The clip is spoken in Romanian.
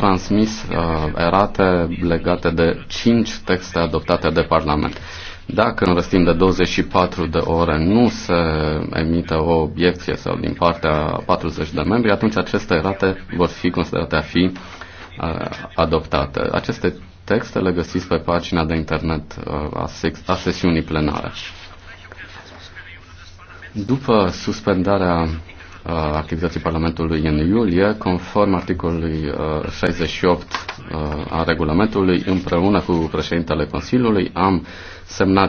transmis uh, erate legate de 5 texte adoptate de Parlament. Dacă în răstim de 24 de ore nu se emite o obiecție sau din partea 40 de membri, atunci aceste erate vor fi considerate a fi uh, adoptate. Aceste texte le găsiți pe pagina de internet uh, a, sex- a sesiunii plenare. După suspendarea Uh, activității Parlamentului în iulie, conform articolului 68 uh, uh, a regulamentului, împreună cu președintele Consiliului am semnat